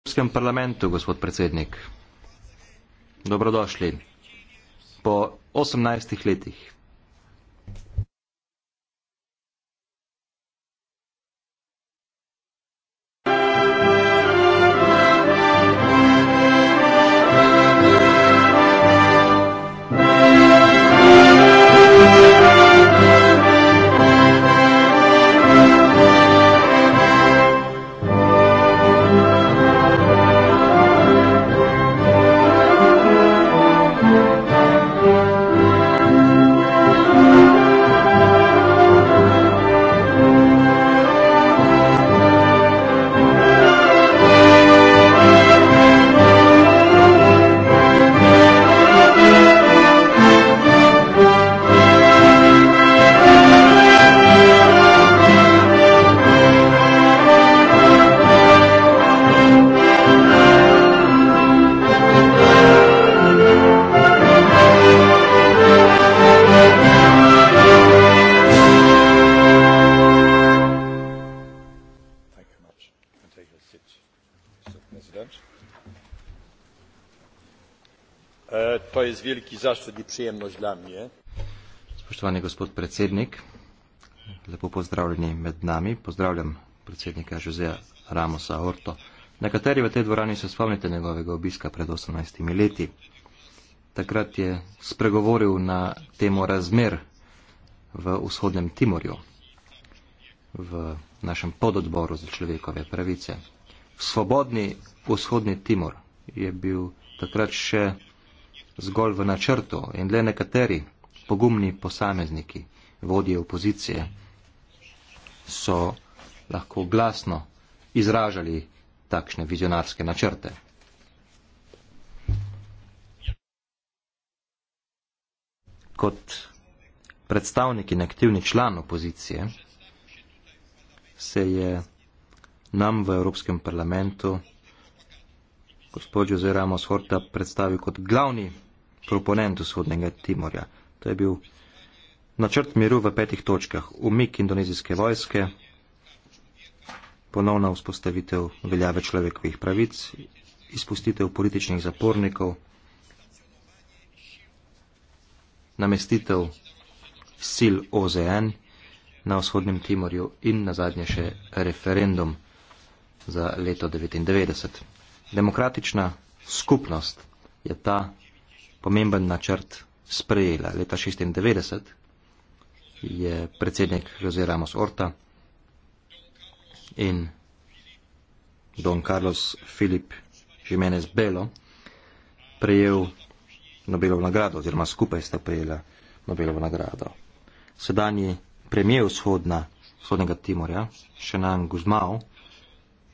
V Evropskem parlamentu, gospod predsednik, dobrodošli. Po 18 letih zaszczyt i przyjemność dla mnie. Szanowny gospod predsiednik, lepo pozdrawieni med nami. Pozdrawiam predsiednika Josea Ramosa Orto. Nekateri v tej dvorani se spomnite njegovega obiska pred 18 leti. Takrat je spregovoril na temo razmer v vzhodnem Timorju, v našem pododboru za človekove pravice. Svobodni vzhodni Timor je bil takrat še zgolj v načrtu in le nekateri pogumni posamezniki, vodje opozicije, so lahko glasno izražali takšne vizionarske načrte. Kot predstavnik in aktivni član opozicije se je nam v Evropskem parlamentu gospod Jose Ramos Horta predstavil kot glavni proponent vzhodnega Timorja. To je bil načrt miru v petih točkah. Umik indonezijske vojske, ponovna vzpostavitev veljave človekovih pravic, izpustitev političnih zapornikov, namestitev sil OZN na vzhodnem Timorju in na zadnje še referendum za leto 1999. Demokratična skupnost je ta pomemben načrt sprejela. Leta 1996 je predsednik Jose Ramos Orta in Don Carlos Filip Jimenez Belo prejel Nobelovo nagrado oziroma skupaj sta prejela Nobelovo nagrado. Sedanji premijev vzhodna, vzhodnega Timorja, Šenan Guzmao,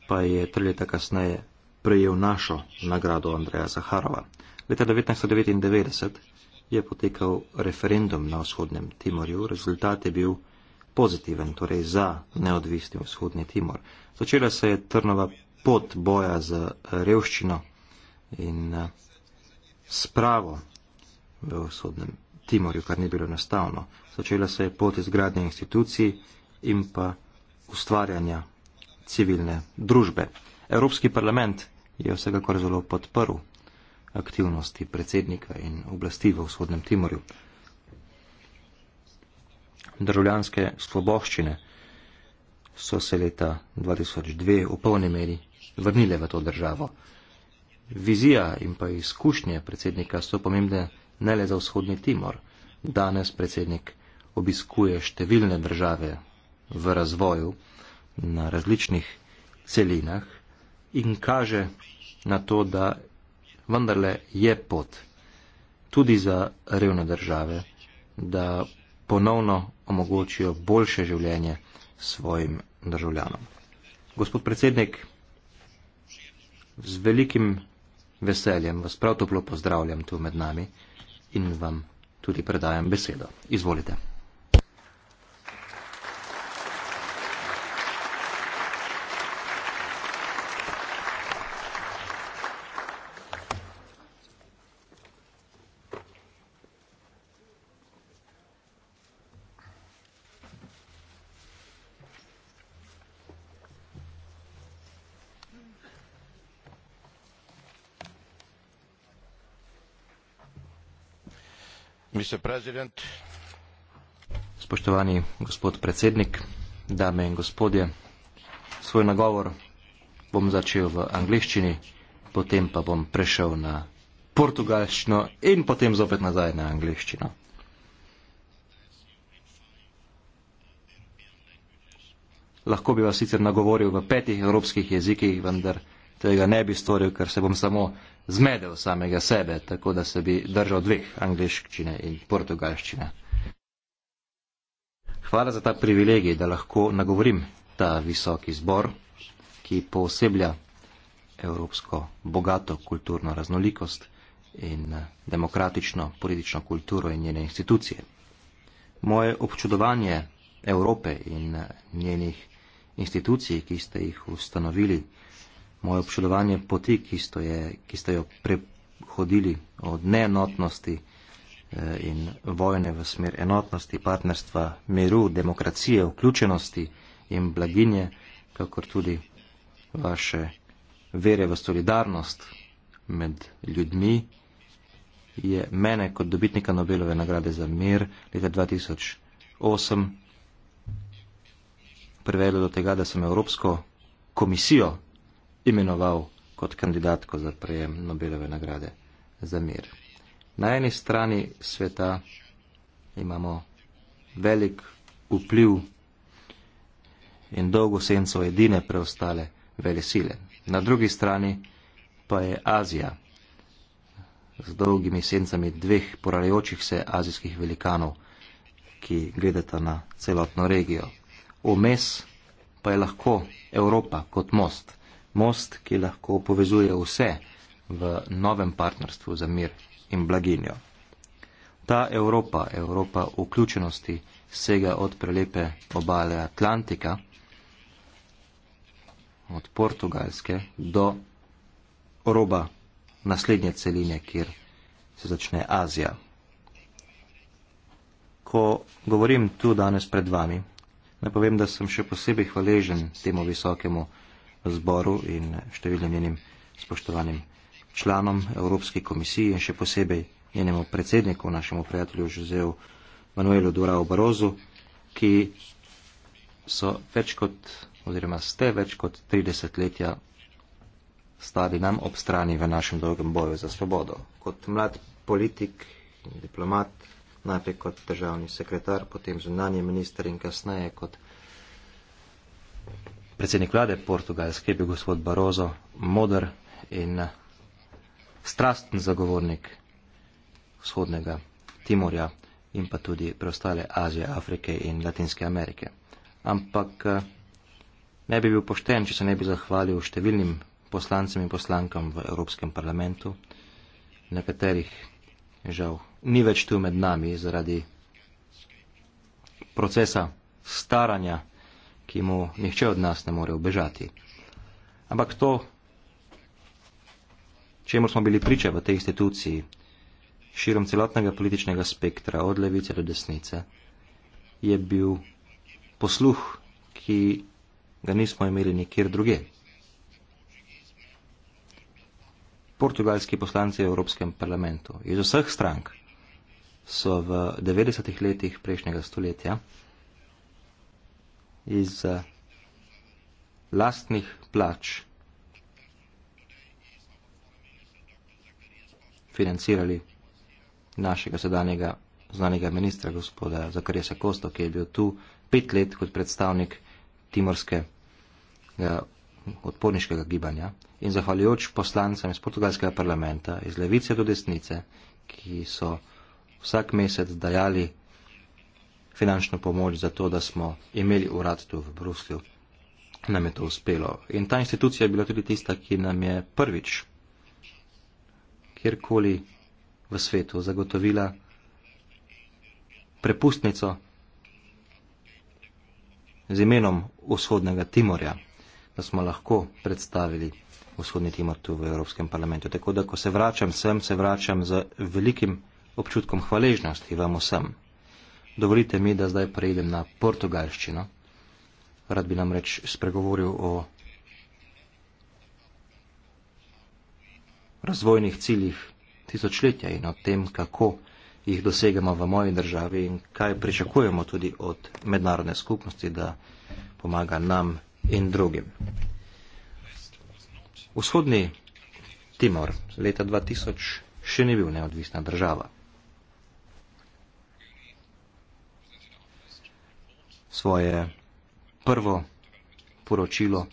pa je tri leta kasneje prejel našo nagrado Andreja Zaharova. Leta 1999 je potekal referendum na vzhodnem Timorju, rezultat je bil pozitiven, torej za neodvisni vzhodni Timor. Začela se je trnova pot boja z revščino in eh, spravo v vzhodnem Timorju, kar ni bilo enostavno. Začela se je pot izgradnje institucij in pa ustvarjanja civilne družbe. Evropski parlament je vsekakor zelo podprl aktivnosti predsednika in oblasti v vzhodnem Timorju. Državljanske sloboščine so se leta 2002 v polni meri vrnile v to državo. Vizija in pa izkušnje predsednika so pomembne ne le za vzhodni Timor. Danes predsednik obiskuje številne države v razvoju na različnih celinah in kaže na to, da vendarle je pot tudi za revne države, da ponovno omogočijo boljše življenje svojim državljanom. Gospod predsednik, z velikim veseljem vas prav toplo pozdravljam tu med nami in vam tudi predajam besedo. Izvolite. Spoštovani gospod predsednik, dame in gospodje, svoj nagovor bom začel v angliščini, potem pa bom prešel na portugalščino in potem zopet nazaj na angliščino. Lahko bi vas sicer nagovoril v petih evropskih jezikih, vendar tega ne bi storil, ker se bom samo zmedel samega sebe, tako da se bi držal dveh angliščine in portugalščine. Hvala za ta privilegij, da lahko nagovorim ta visoki zbor, ki poseblja evropsko bogato kulturno raznolikost in eh, demokratično politično kulturo in njene institucije. Moje občudovanje Evrope in eh, njenih institucij, ki ste jih ustanovili, moje občudovanje poti, ki, stoje, ki ste jo prehodili od neenotnosti eh, in vojne v smer enotnosti, partnerstva, miru, demokracije, vključenosti in blaginje, kakor tudi vaše vere v solidarnost med ljudmi, je mene kot dobitnika Nobelove nagrade za mir leta 2008 prevedlo do tega, da sem Evropsko komisijo imenoval kot kandidatko za prejem Nobelove nagrade za mir. Na eni strani sveta imamo velik vpliv in dolgo senco edine preostale vele sile. Na drugi strani pa je Azija z dolgimi sencami dveh poralejočih se azijskih velikanov, ki gledata na celotno regijo. Omes pa je lahko Evropa kot most most, ki lahko povezuje vse v novem partnerstvu za mir in blaginjo. Ta Evropa, Evropa vključenosti, sega od prelepe obale Atlantika, od Portugalske do roba naslednje celine, kjer se začne Azija. Ko govorim tu danes pred vami, naj povem, da sem še posebej hvaležen temu visokemu zboru in številnim njenim spoštovanim članom Evropske komisije in še posebej njenemu predsedniku, našemu prijatelju Žuzeju Manuelu Durao Barozu, ki so več kot oziroma ste več kot 30 letja stali nam ob strani v našem dolgem boju za svobodo. Kot mlad politik in diplomat, najprej kot državni sekretar, potem zunanje minister in kasneje kot predsednik vlade Portugalske je bil gospod Barozo, modr in eh, strasten zagovornik vzhodnega Timorja in pa tudi preostale Azije, Afrike in Latinske Amerike. Ampak eh, ne bi bil pošten, če se ne bi zahvalil številnim poslancem in poslankam v Evropskem parlamentu, na katerih žal ni več tu med nami zaradi procesa staranja ki mu nihče od nas ne more obežati. Ampak to, čemu smo bili priča v tej instituciji, širom celotnega političnega spektra, od levice do desnice, je bil posluh, ki ga nismo imeli nikjer druge. Portugalski poslanci v Evropskem parlamentu iz vseh strank so v 90-ih letih prejšnjega stoletja iz eh, lastnih plač financirali našega sedanjega znanega ministra, gospoda Zakarjesa Kosto, ki je bil tu pet let kot predstavnik timorske eh, odporniškega gibanja in zahvaljujoč poslancem iz portugalskega parlamenta, iz levice do desnice, ki so vsak mesec dajali finančno pomoč za to, da smo imeli urad tu v Bruslju. Nam je to uspelo. In ta institucija je bila tudi tista, ki nam je prvič kjerkoli v svetu zagotovila prepustnico z imenom vzhodnega Timorja, da smo lahko predstavili vzhodni Timor tu v Evropskem parlamentu. Tako da, ko se vračam sem, se vračam z velikim občutkom hvaležnosti vam vsem. Dovolite mi, da zdaj prejdem na portugalščino. Rad bi nam reč spregovoril o razvojnih ciljih tisočletja in o tem, kako jih dosegamo v moji državi in kaj pričakujemo tudi od mednarodne skupnosti, da pomaga nam in drugim. Vzhodni Timor leta 2000 še ni bil neodvisna država. svoje prvo poročilo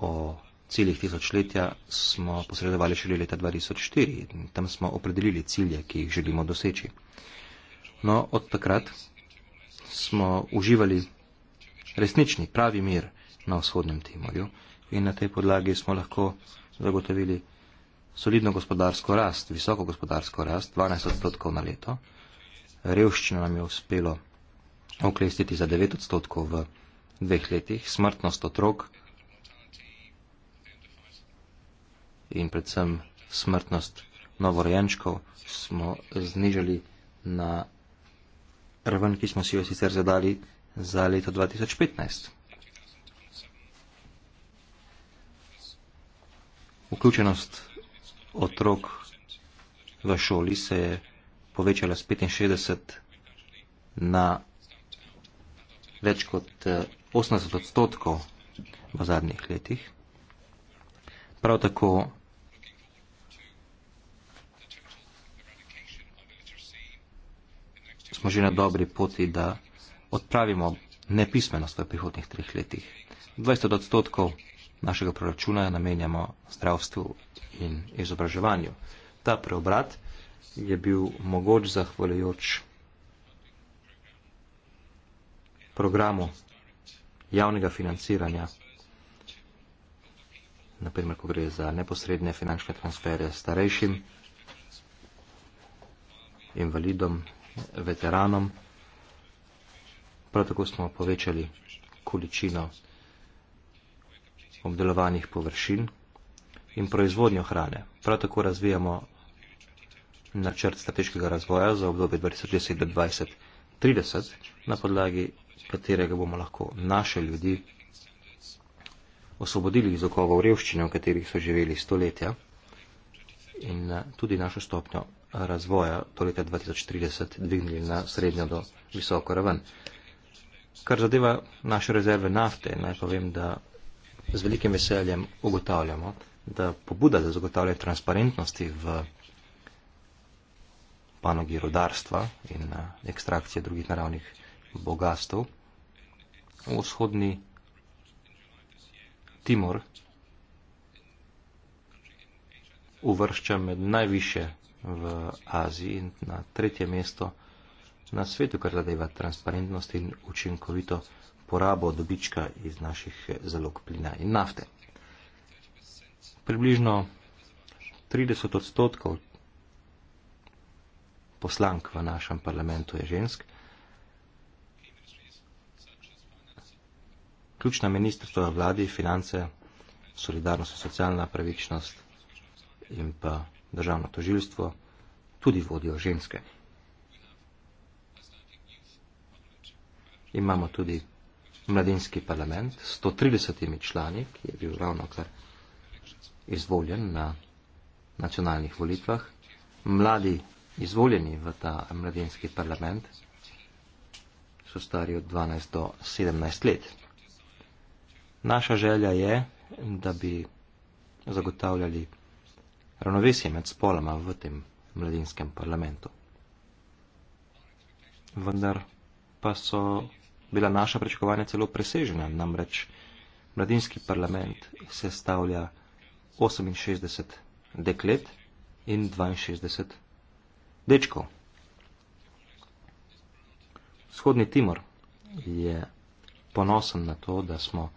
o ciljih tisočletja smo posredovali šele leta 2004 in tam smo opredelili cilje, ki jih želimo doseči. No, od takrat smo uživali resnični, pravi mir na vzhodnem Timorju in na tej podlagi smo lahko zagotovili solidno gospodarsko rast, visoko gospodarsko rast, 12 odstotkov na leto. Revščina nam je uspelo oklestiti za 9 odstotkov v dveh letih, smrtnost otrok in predvsem smrtnost novorojenčkov smo znižali na raven, ki smo si jo sicer zadali za leto 2015. Vključenost otrok v šoli se je povečala z 65 na več kot 80 eh, odstotkov v zadnjih letih. Prav tako smo že na dobri poti, da odpravimo nepismenost v prihodnih treh letih. 20 odstotkov našega proračuna namenjamo zdravstvu in izobraževanju. Ta preobrat je bil mogoč zahvaljujoč programu javnega financiranja, naprimer, ko gre za neposredne finančne transfere starejšim, invalidom, veteranom. Prav tako smo povečali količino obdelovanih površin in proizvodnjo hrane. Prav tako razvijamo načrt strateškega razvoja za obdobje 2010-2030 na podlagi katerega bomo lahko naše ljudi osvobodili iz okova revščine, v katerih so živeli stoletja in eh, tudi našo stopnjo razvoja do leta 2030 dvignili na srednjo do visoko raven. Kar zadeva naše rezerve nafte, naj povem, da z velikim veseljem ugotavljamo, da pobuda za zagotavljanje transparentnosti v panogi rodarstva in eh, ekstrakcije drugih naravnih bogatstv. Vzhodni Timor uvršča med najviše v Aziji in na tretje mesto na svetu, kar zadeva transparentnost in učinkovito porabo dobička iz naših zalog plina in nafte. Približno 30 odstotkov poslank v našem parlamentu je žensk. ključna ministrstva v vladi, finance, solidarnost in socialna pravičnost in pa državno toživstvo tudi vodijo ženske. Imamo tudi mladinski parlament s 130 člani, ki je bil ravno kar izvoljen na nacionalnih volitvah. Mladi izvoljeni v ta mladinski parlament so stari od 12 do 17 let. Naša želja je, da bi zagotavljali ravnovesje med spoloma v tem mladinskem parlamentu. Vendar pa so bila naša prečkovanja celo presežena, namreč mladinski parlament se stavlja 68 deklet in 62 dečkov. Vzhodni Timor je ponosen na to, da smo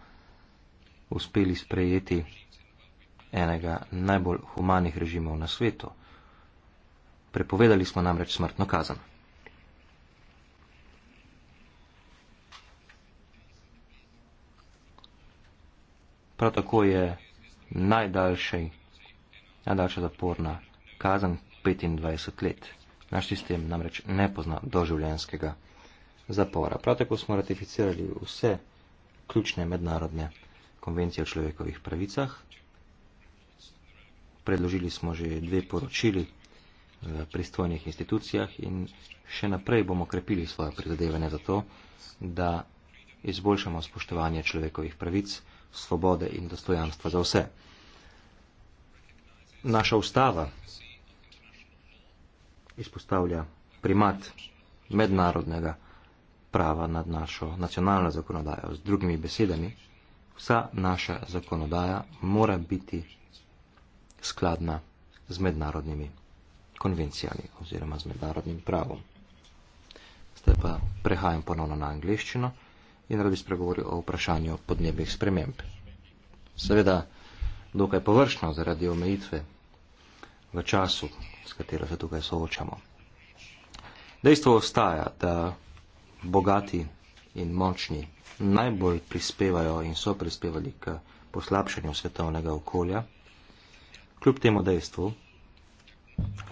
uspeli sprejeti enega najbolj humanih režimov na svetu. Prepovedali smo namreč smrtno kazen. Prav tako je najdaljši, najdaljša zaporna kazen 25 let. Naš sistem namreč ne pozna doživljenjskega zapora. Prav tako smo ratificirali vse ključne mednarodne konvencije o človekovih pravicah. Predložili smo že dve poročili v pristojnih institucijah in še naprej bomo krepili svoje prizadevanje za to, da izboljšamo spoštovanje človekovih pravic, svobode in dostojanstva za vse. Naša ustava izpostavlja primat mednarodnega prava nad našo nacionalno zakonodajo. Z drugimi besedami, vsa naša zakonodaja mora biti skladna z mednarodnimi konvencijami oziroma z mednarodnim pravom. Zdaj pa prehajam ponovno na angliščino in rad bi spregovoril o vprašanju podnebnih sprememb. Seveda, dokaj površno zaradi omejitve v času, s katero se tukaj soočamo. Dejstvo ostaja, da bogati in močni najbolj prispevajo in so prispevali k poslabšanju svetovnega okolja. Kljub temu dejstvu,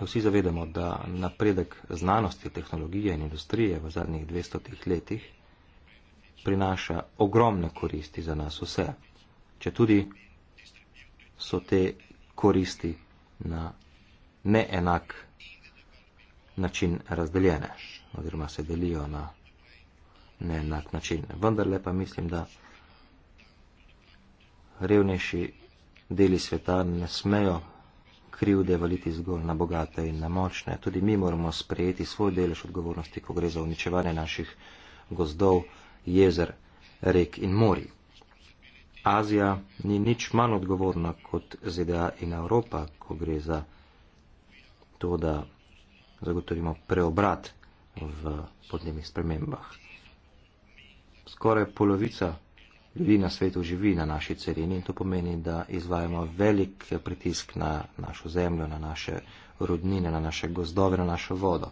vsi zavedamo, da napredek znanosti, tehnologije in industrije v zadnjih 200 letih prinaša ogromne koristi za nas vse, če tudi so te koristi na neenak način razdeljene oziroma se delijo na ne enak način. Vendarle pa mislim, da revnejši deli sveta ne smejo krivde valiti zgolj na bogate in na močne. Tudi mi moramo sprejeti svoj delež odgovornosti, ko gre za uničevanje naših gozdov, jezer, rek in mori. Azija ni nič manj odgovorna kot ZDA in Evropa, ko gre za to, da zagotovimo preobrat v podnebnih spremembah skoraj polovica ljudi na svetu živi na naši celini in to pomeni, da izvajamo velik pritisk na našo zemljo, na naše rodnine, na naše gozdove, na našo vodo.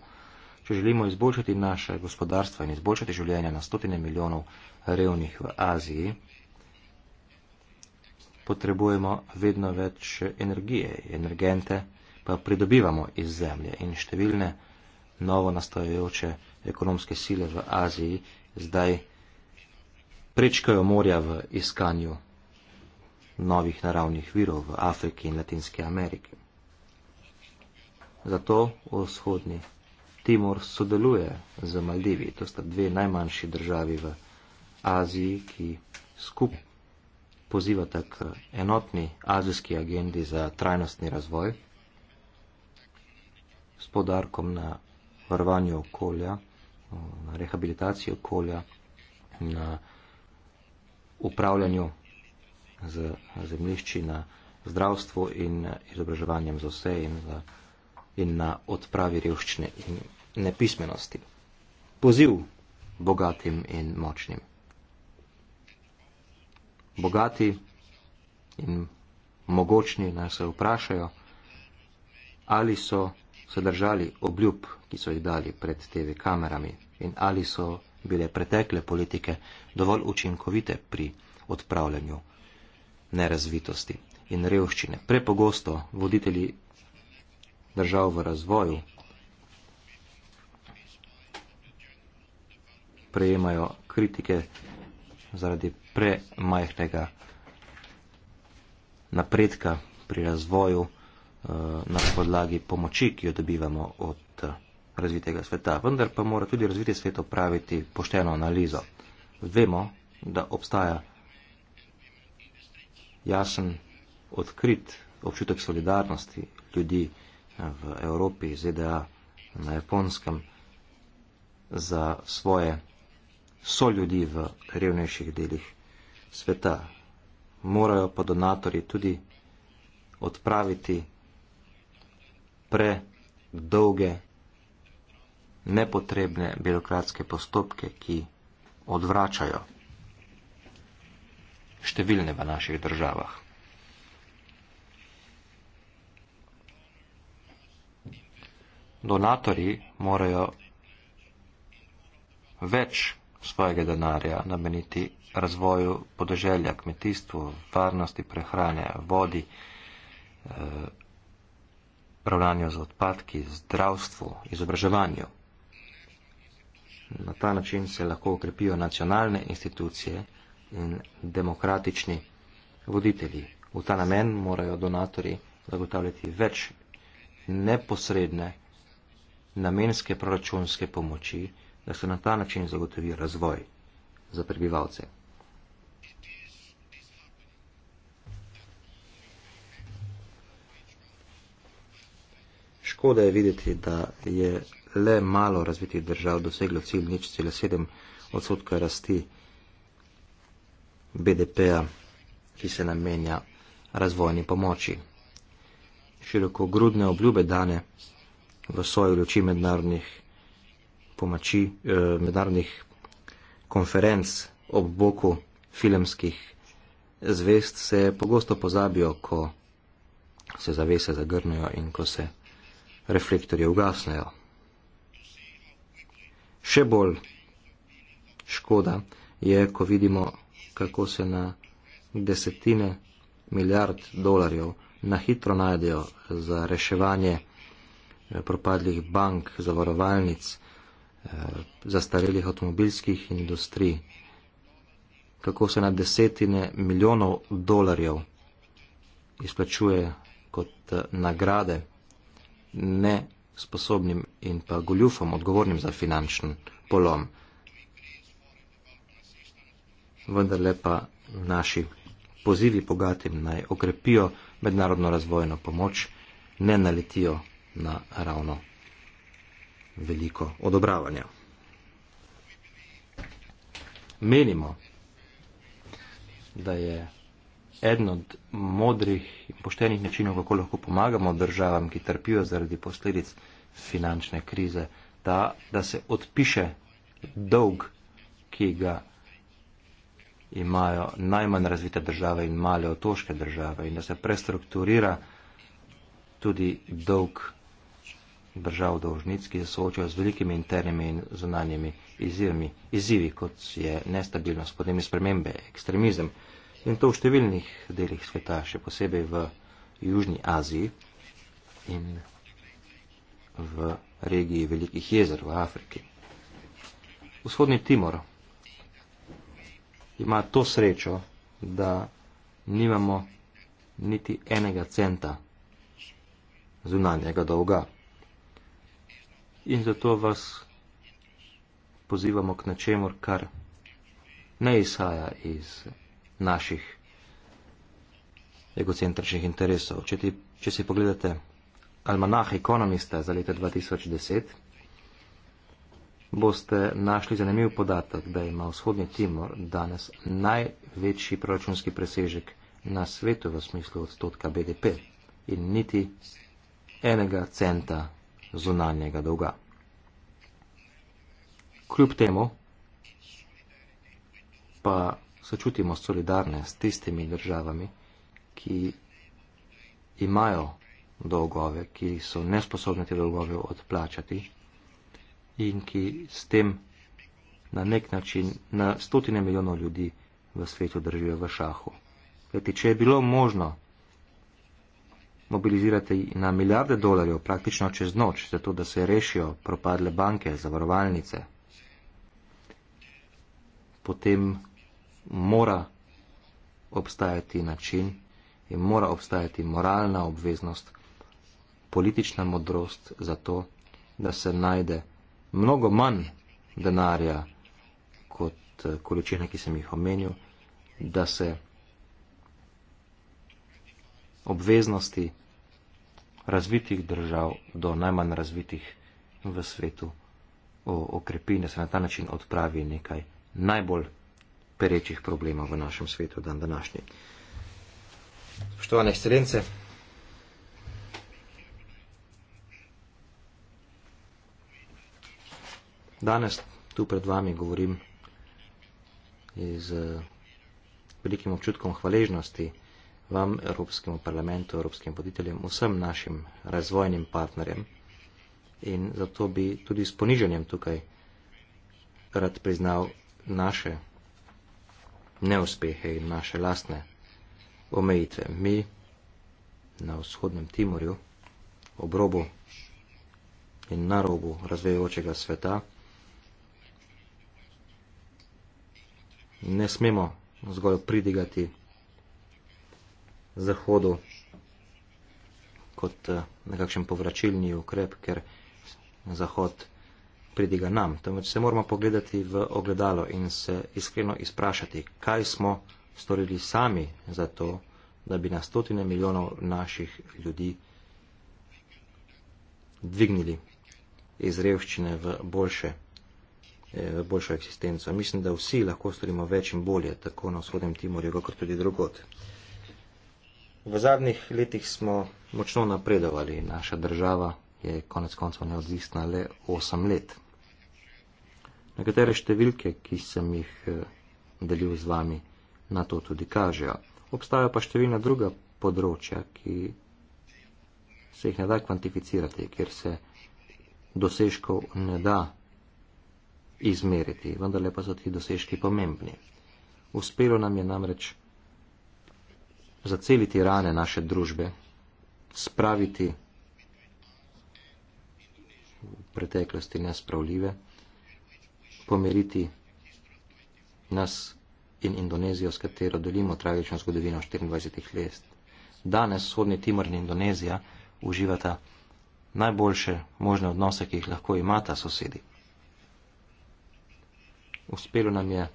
Če želimo izboljšati naše gospodarstvo in izboljšati življenje na stotine milijonov revnih v Aziji, potrebujemo vedno več energije, energente pa pridobivamo iz zemlje in številne novo nastajajoče ekonomske sile v Aziji zdaj prečkajo morja v iskanju novih naravnih virov v Afriki in Latinske Ameriki. Zato vzhodni Timor sodeluje z Maldivi. To sta dve najmanjši državi v Aziji, ki skup pozivata k enotni azijski agendi za trajnostni razvoj s podarkom na varovanju okolja, na rehabilitacijo okolja, na upravljanju z zemlišči, na zdravstvu in izobraževanjem za vse in, za, in na odpravi revščine in nepismenosti. Poziv bogatim in močnim. Bogati in mogočni nas se vprašajo, ali so se držali obljub, ki so jih dali pred TV kamerami in ali so bile pretekle politike dovolj učinkovite pri odpravljanju nerazvitosti in revščine. Prepogosto voditelji držav v razvoju prejemajo kritike zaradi premajhnega napredka pri razvoju eh, na podlagi pomoči, ki jo dobivamo od razvitega sveta, vendar pa mora tudi razviti svet opraviti pošteno analizo. Vemo, da obstaja jasen, odkrit občutek solidarnosti ljudi v Evropi, ZDA, na Japonskem, za svoje so ljudi v revnejših delih sveta. Morajo pa donatori tudi odpraviti predolge nepotrebne birokratske postopke, ki odvračajo številne v naših državah. Donatori morajo več svojega denarja nameniti razvoju podeželja, kmetijstvu, varnosti, prehrane, vodi, eh, ravnanju z odpadki, zdravstvu, izobraževanju. Na ta način se lahko ukrepijo nacionalne institucije in demokratični voditelji. V ta namen morajo donatori zagotavljati več neposredne namenske proračunske pomoči, da se na ta način zagotovi razvoj za prebivalce. Škoda je videti, da je le malo razvitih držav doseglo cilj nič cela sedem odstotka rasti BDP-a, ki se namenja razvojni pomoči. Široko grudne obljube dane v svoji luči mednarodnih pomoči, eh, mednarodnih konferenc ob boku filmskih zvest se pogosto pozabijo, ko se zavese zagrnijo in ko se reflektorje ugasnejo. Še bolj škoda je, ko vidimo, kako se na desetine milijard dolarjev na hitro najdejo za reševanje eh, propadlih bank, zavarovalnic, eh, zastarelih avtomobilskih industrij, kako se na desetine milijonov dolarjev izplačuje kot eh, nagrade ne sposobnim in pa goljufom, odgovornim za finančen polom. Vendar lepa naši pozivi bogatim naj okrepijo mednarodno razvojno pomoč, ne naletijo na ravno veliko odobravanja. Menimo, da je eden od modrih in poštenih načinov, kako lahko pomagamo državam, ki trpijo zaradi posledic finančne krize, ta, da se odpiše dolg, ki ga imajo najmanj razvite države in male otoške države in da se prestrukturira tudi dolg držav dožnic, ki se soočajo z velikimi internimi in zunanjimi izzivi, kot je nestabilnost, podnebne spremembe, ekstremizem in to v številnih delih sveta, še posebej v Južni Aziji in v regiji Velikih jezer v Afriki. Vzhodni Timor ima to srečo, da nimamo niti enega centa zunanjega dolga. In zato vas pozivamo k načemu, kar ne izhaja iz naših egocentričnih interesov. Če, ti, če si pogledate Almanah ekonomista za leto 2010, boste našli zanimiv podatek, da ima vzhodni Timor danes največji proračunski presežek na svetu v smislu odstotka BDP in niti enega centa zunanjega dolga. Kljub temu pa sočutimo solidarne s tistimi državami, ki imajo dolgove, ki so nesposobne te dolgove odplačati in ki s tem na nek način na stotine milijonov ljudi v svetu držijo v šahu. Kajti, če je bilo možno mobilizirati na milijarde dolarjev praktično čez noč, zato da se rešijo propadle banke, zavarovalnice, potem mora obstajati način in mora obstajati moralna obveznost, politična modrost za to, da se najde mnogo manj denarja kot eh, količine, ki sem jih omenil, da se obveznosti razvitih držav do najmanj razvitih v svetu okrepi in da se na ta način odpravi nekaj najbolj perečih problemov v našem svetu dan današnji. Spoštovane ekscelence, danes tu pred vami govorim z velikim občutkom hvaležnosti vam, Evropskemu parlamentu, Evropskim voditeljem, vsem našim razvojnim partnerjem in zato bi tudi s poniženjem tukaj rad priznal naše neuspehe in naše lastne omejitve. Mi na vzhodnem Timorju, ob robu in na robu razvejočega sveta, ne smemo zgolj pridigati zahodu kot eh, nekakšen povračilni ukrep, ker zahod je pridiga nam, temveč se moramo pogledati v ogledalo in se iskreno izprašati, kaj smo storili sami za to, da bi na stotine milijonov naših ljudi dvignili iz revščine v, boljše, eh, v boljšo eksistenco. Mislim, da vsi lahko storimo več in bolje, tako na vzhodnem Timorju, kot tudi drugot. V zadnjih letih smo močno napredovali, naša država je konec koncev neodvisna le 8 let nekatere številke, ki sem jih eh, delil z vami, na to tudi kažejo. Obstajajo pa številna druga področja, ki se jih ne da kvantificirati, kjer se dosežkov ne da izmeriti, vendar le pa so ti dosežki pomembni. Uspelo nam je namreč zaceliti rane naše družbe, spraviti v preteklosti nespravljive, pomiriti nas in Indonezijo, s katero delimo tragično zgodovino 24 let. Danes Sodni Timor in Indonezija uživata najboljše možne odnose, ki jih lahko imata sosedi. Uspelo nam je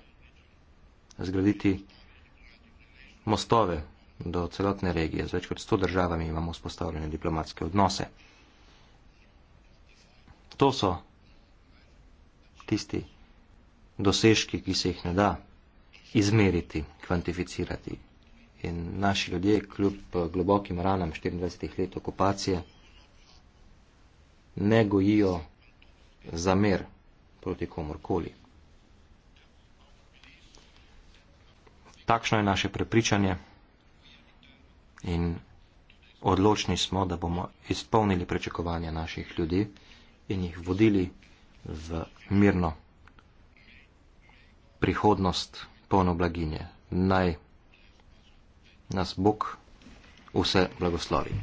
zgraditi mostove do celotne regije. Z več kot 100 državami imamo vzpostavljene diplomatske odnose. To so tisti dosežki, ki se jih ne da izmeriti, kvantificirati. In naši ljudje, kljub eh, globokim ranam 24 let okupacije, ne gojijo zamer proti komorkoli. Takšno je naše prepričanje in odločni smo, da bomo izpolnili prečakovanja naših ljudi in jih vodili v mirno prihodnost polno blaginje. Naj nas Bog vse blagoslovi.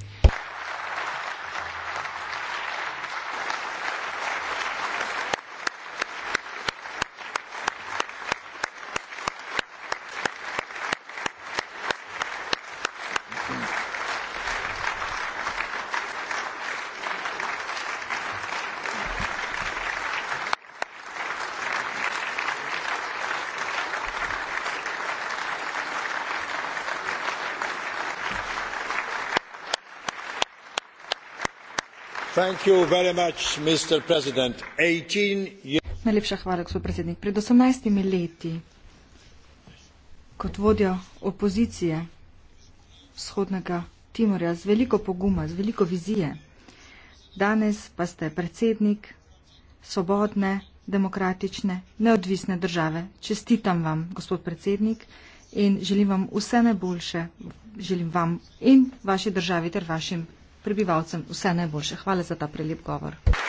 Najlepša hvala, gospod predsednik. Pred 18 leti kot vodja opozicije vzhodnega Timorja z veliko poguma, z veliko vizije, danes pa ste predsednik svobodne, demokratične, neodvisne države. Čestitam vam, gospod predsednik, in želim vam vse najboljše, želim vam in vaši državi ter vašim prebivalcem vse najboljše. Hvala za ta prelep govor.